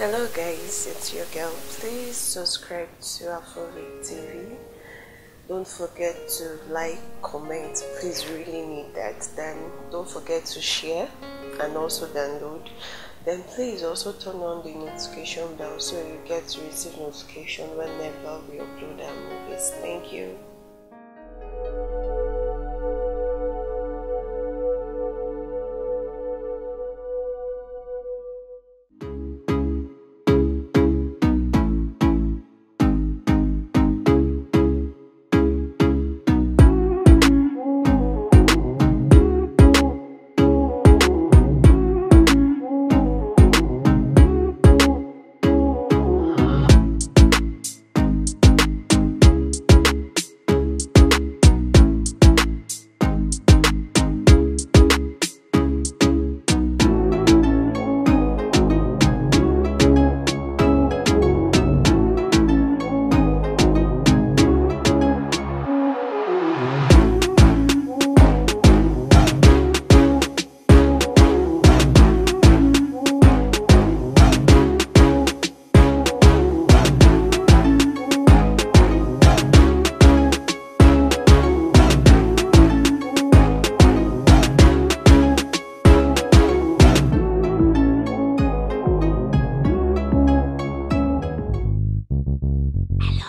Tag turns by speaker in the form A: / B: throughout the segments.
A: Hello guys, it's your girl. Please subscribe to Afrobeat TV. Don't forget to like, comment. Please really need that. Then don't forget to share and also download. Then please also turn on the notification bell so you get to receive notification whenever we upload our
B: movies. Thank you.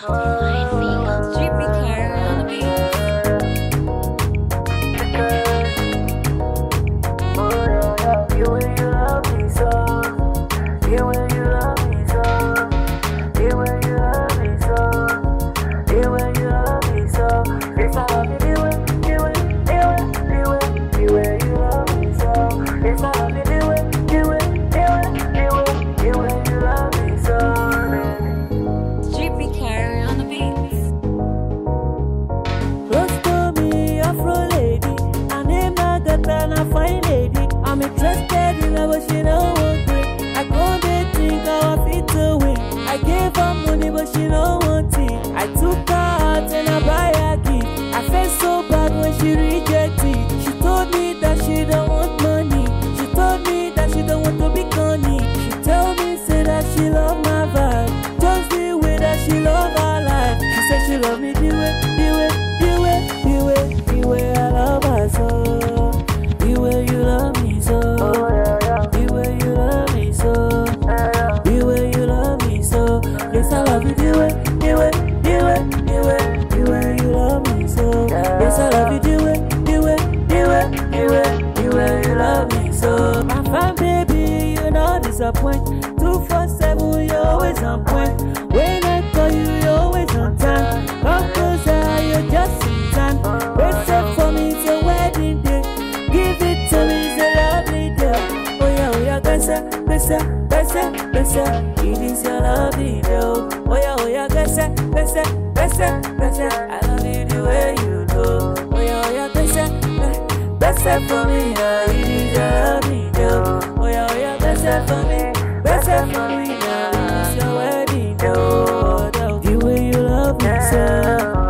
B: Three big hair on the gese, gese, gese, it is your love video. Oh yeah, oh yeah, gese, gese, gese, gese, I love you the way you do. Oh yeah, oh yeah, gese, gese for me, yeah, it is your love video. Oh yeah, oh yeah, gese for me, gese for me, yeah, it's your wedding, oh. The way you love me, yeah.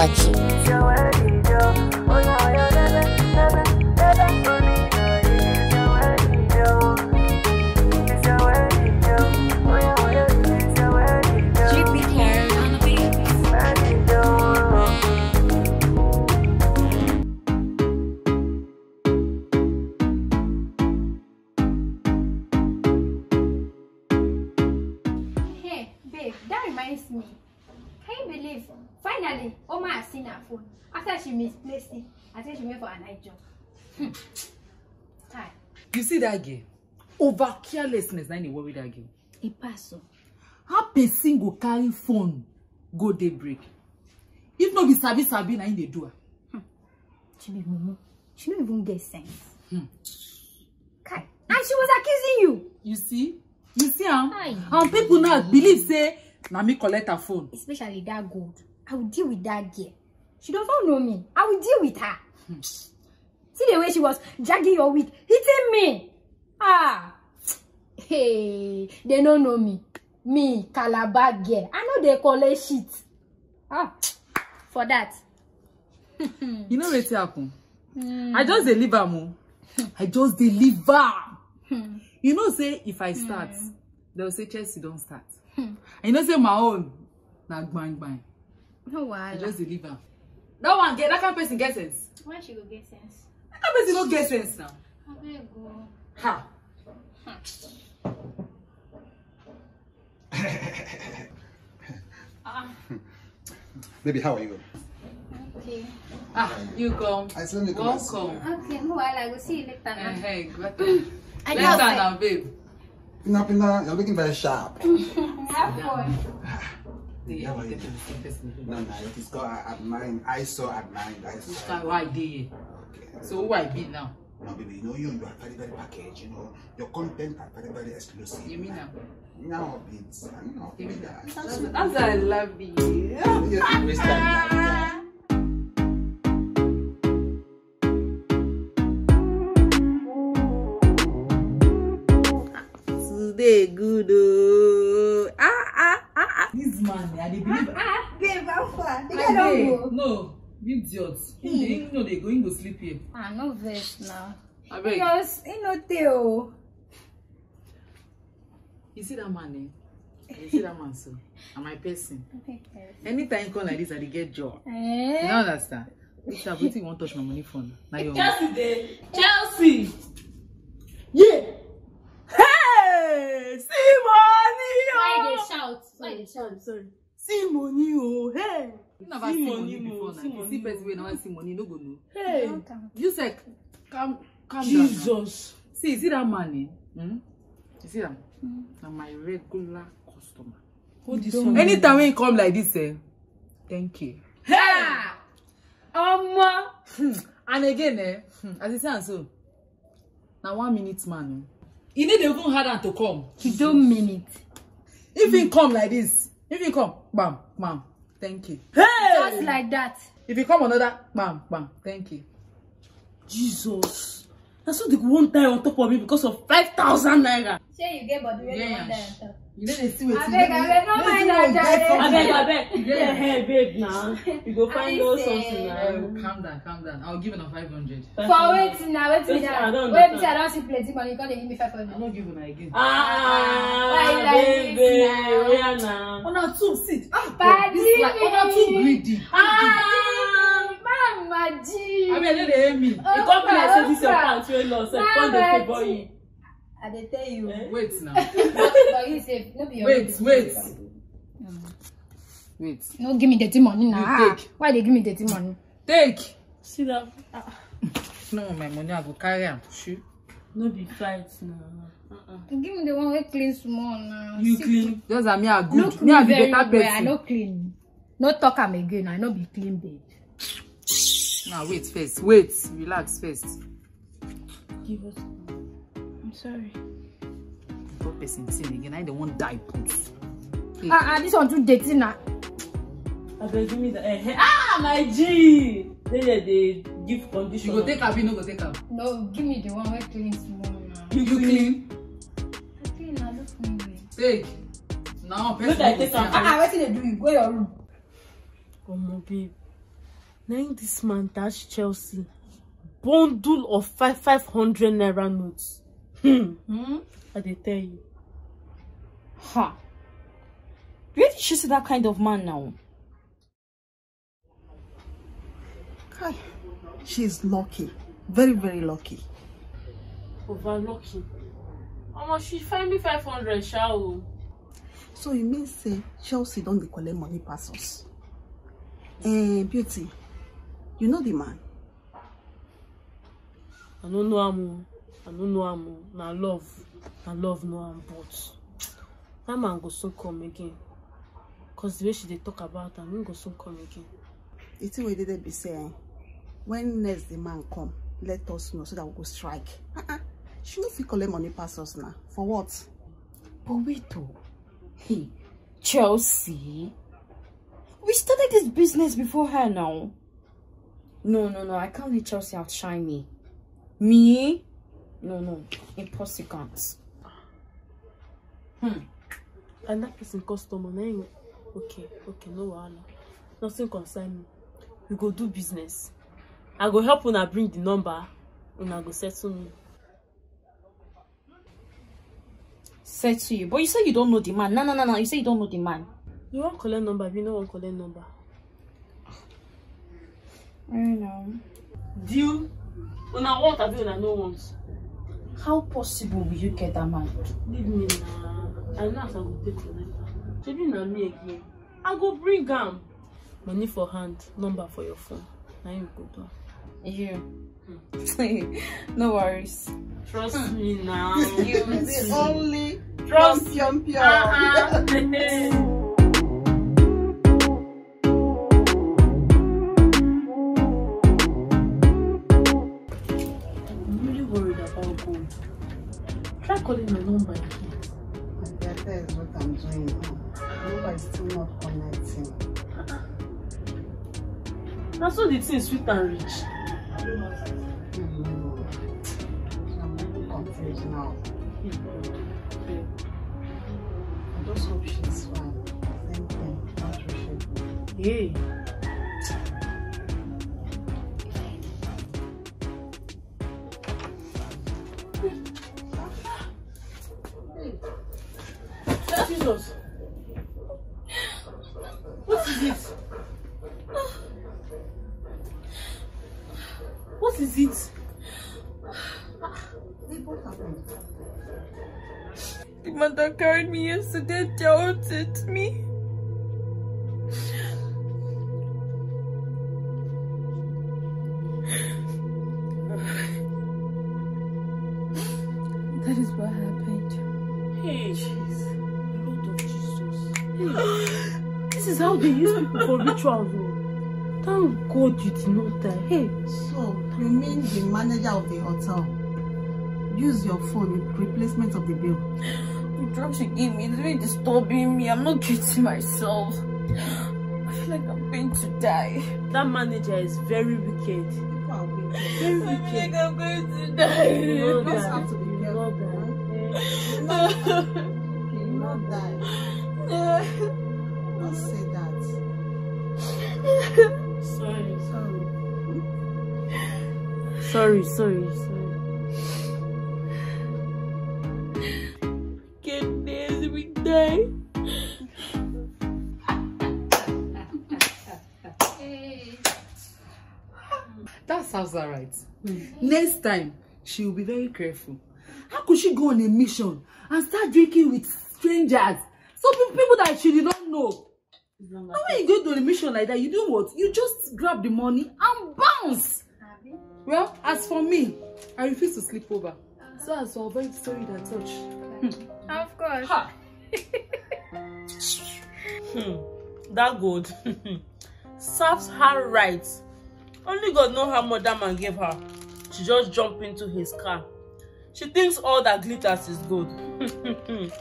B: Hey,
C: babe, that reminds me Can you believe? Finally, Oma has seen her phone after she misplaced it. I think she went for a night job. Hmm. Hi. You see that girl? Over carelessness, na dey worry that girl. E pass How person go carry phone go daybreak? break? If no be sabi sabi na im do am. Hmm. She be mumu. She no even get sense. Hmm. Kai. And she was accusing you. You see? You see am? Um, and people now believe say na me collect her phone. especially that gold i will deal with that girl she don know me i will deal with her hmm. see the way she was dragging your wig hitting me ah hey they don't know me me calabar girl i no dey collect shit ah for that. you know wetin happen. Mm. i just deliver, leave i just deliver. Hmm. you know say if i start mm. they go say chelsea don't start. and hmm. you know say my own Nah, bang bang. no why? i just deliver. leave that one get that kind of person get sense why she go get sense that kind person no get sense now How? ha. Hmm. Ah. baby how are you. Okay. Ah, you go. I still need to Welcome. Okay, no, well, I will see you later. Hey, hey, hmm. later now, babe. Pina,
A: pina. You're looking very sharp.
C: Have fun.
A: No, no,
C: it is called at mine. I saw at mine. I saw. Why did? Okay.
B: So I be
C: now? No, baby, you know you, you are very, very packaged. you know. Your content are very, very exclusive. You mean now? Now, babes. I mean, now. That's, that's I love you. Yeah, yes, dey good oh ah ah ah ah. this man i dey believe. ah ah, babe how far the guy don go. no idiot him dey hmm. him no dey go him go sleep here. ah no vex na. abeg because he no tey o. Oh. you see that man eh you see that man so na my person anytime he come like this i dey get joy eh? you no understand. Richard, wetin you wan touch my money for na? Na your own. Chelsea dey. Eh? Chelsea. Sorry, See money, oh, hey. You never see, money, oh, see Money, see person oh. wey never see money, no go know. Hey, you say, come, come. Jesus. See, see that man, eh? Hmm? You see that? Mm. Na my regular customer.
B: Hold this one. Anytime
C: when he come like this, eh? Thank you. Ha! Omo! Um, hmm. and again, eh? Hmm. As you say so, Now one minute man. You oh. need no dey even hard to come. He don minute if you come like this if you come bam bam thank you hey just like that if you come another bam bam thank you
D: jesus That's why they won't die on top of me because of five thousand naira.
C: shey you get body you won't die on top. you no dey see wetin abeg abeg no mind ajare abeg abeg you get your hair babe na you go find out something now. calm down calm down I'll will give una five hundred. for wetin na wetin be that wey be say i don see plenty money you come dey give me five hundred. i no give una again. ah babe oya na. una two, sit. Ah, padi Oh una two greedy. ah mama g i mean hear me e come be like say this your pant wey loss sef come dey favour you. i dey tell you. Eh? wait now. but but you sef no be your wait wait. wait. no give me dirty money na ah why they give me dirty money. take. see that. Ah. no my money i go carry am push you. no be fight now. Uh -uh. give me the one wey clean small na. you See, clean. just na me i good me i be better person. look me very well i no clean no talk am again i no be clean babe. Now wait first. Wait. Relax first. Give us. I'm sorry. Poor person thing again. I don't want die put. Hey. Ah, ah, this one too dirty now. I give me the eh. eh ah, my G. They they, they give condition. You go take up. You no go take up. No, give me the one where clean tomorrow. You, you clean. I clean. I look clean. Take. Now, person. Look, I take up. Ah, ah, what did they do? go your room.
D: Come on, babe. Now this man that's Chelsea bundle of five five hundred naira notes. Hmm. hmm. I they tell you. Ha. Huh. Where did she see that kind of man now? Kai, she's lucky. Very,
A: very lucky.
D: Over lucky. Omo, she find me 500, shall
A: So you mean say Chelsea don't collect money passes?
D: Eh, beauty. You know the man? I don't know am I don't know am na love na love no am but that man go soon come again because the way she talk about him? He go soon
A: come again. the thing they be say eh, when next the man come let us know so that we go strike ah, ah. she know if no fit collect money pass us now? for what.
D: but wait o hey chelsea we started this business before her now no, no, no. I can't let Chelsea outshine me. Me? No, no. Impossible can't. Hmm. And that person customer, Okay, okay, no wahala. Nothing concern me. We go do business. I go help I bring the number. I go settle me. Settle you? But you say you don't know the man. No, no, no, no. You say you don't know the man. You call that number, you know one that number. I Do you? Una want have you una no want? How possible will you get that man? Leave me now. I know as I go pay for later. Shebi na me again. I go bring am. Money for hand, number for your phone. Na you go do. You. Hmm. no worries. Trust hmm. me now. You're the only Trust
A: champion. Uh -uh.
D: calling my number again.
A: And is what I'm doing now. Number is still not connecting.
D: That's what the thing sweet and rich. mm I'm really confused now. I just hope she's fine.
C: Thank you. Hey. What is it? What happened? The man that
D: carried me yesterday doubted me. That is what happened. Hey, Jesus. Lord of Jesus. Hey. this is how they use people for rituals. Oh. Thank God you did not die. Hey. So,
A: you mean the manager of the hotel? Use your phone in replacement of the bill. The drugs
D: you gave me is really disturbing me. I'm not kidding myself. I feel like I'm going to die. That manager is very wicked. People are wicked. Very I feel wicked. like I'm
C: going to die. You, you must have to
D: be careful.
A: You not die. You not that.
D: sorry, sorry,
B: sorry. Goodness, we die.
C: That sounds alright. Next time, she will be very careful. How could she go on a mission and start drinking with strangers? So people that she did not know. How when you go to a mission like that, you do what? You just grab the money and bounce. Well, as for me, I refuse to sleep over. So uh-huh. as to avoid story that touch. Hmm. Of course. Ha. hmm. That good.
D: Serves her right. Only God knows how much that man gave her. She just jumped into his car she thinks all that glitters is gold.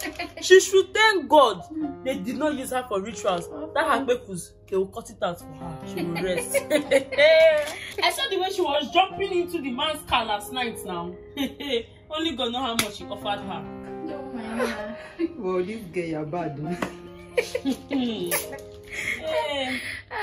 D: she should thank God they did not use her for rituals. That her bekus, they will cut it out for her. She will rest. I saw the way she was jumping into the man's car last night now. Only God know how much he offered her.
B: No,
C: well, this girl, you're bad. hey.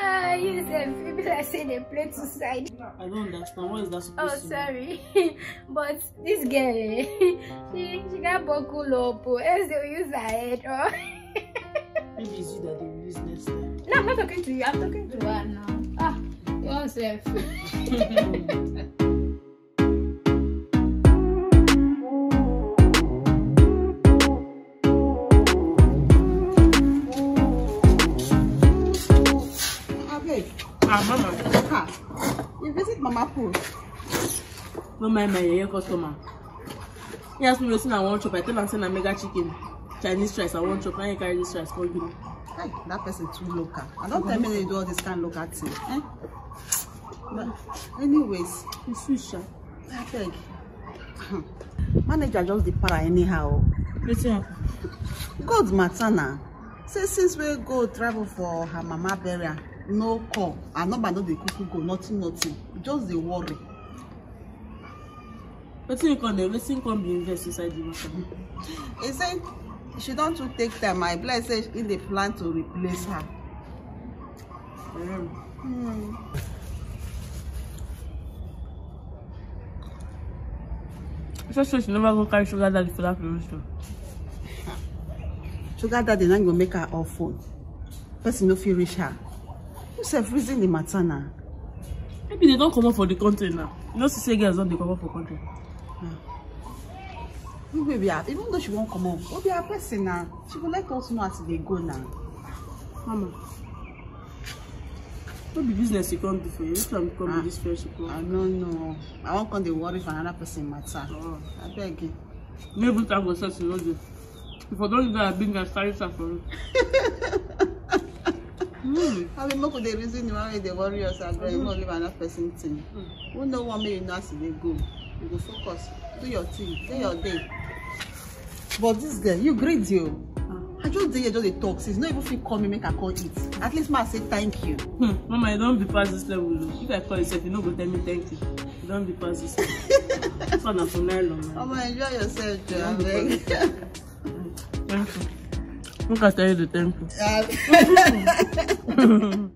C: Ah, use them. People are saying they play two sides. I
D: don't understand. What is that oh, supposed oh, to Oh,
C: sorry. but this girl, she, she got buckle up. Oh, else they'll use her head. Oh.
D: Maybe it's you that they use next time.
C: No, I'm not talking to you. I'm talking to her now. Ah, yourself.
D: Ah, Mama. Ha. You visit Mama Pool. No mind my yeye customer. He asked me wetin I wan chop. I tell him say na mega chicken, Chinese rice I want chop. I him carry this rice for you. Hey, that person too local.
A: I don't tell me they do all this kind of local thing. Eh? But anyways, it's see, I Abeg. Manager just depart anyhow. Wetin happen? God Say since we go travel for her mama burial, no call her number no dey kuku go nothing nothing just dey worry. wetin come dey wetin come be invest inside the matter. he say she don too take time and e be like say he dey plan to replace her. Mm. Mm.
D: so so she never go carry sugar daddy for that promotion.
A: sugar daddy na go make her off phone person no fit reach her you sef
D: reason the matter now? maybe they don't come up for the country now you know see say girls don come up for country. Ah.
A: Igwe be her even though she won't come up, we be her person now. she will let us know as they go now. mama maybe be business you come do for you which one come ah, be this friendship one. i no know i wan come dey worry for another person matter oh. abeg.
D: maybe time go set you no dey if i don leave her i bring her carry her for you.
A: Mm. I mean, the reason why they worry us are growing, mm. not live another person thing. Mm. Who know what may you not they go. You go focus, do your thing, do your day. Mm. But this girl, you greet you. Oh. Mm. I just dey here just dey talk since no even fit call me make I call it. At least ma say thank you.
D: Hmm. mama you don be past this level o. Oh. If I call yourself. you no go tell me thank you. You don be past this level. This one na for nylon. Omo
A: enjoy yourself jo
D: Thank you. Look at you the
C: temple.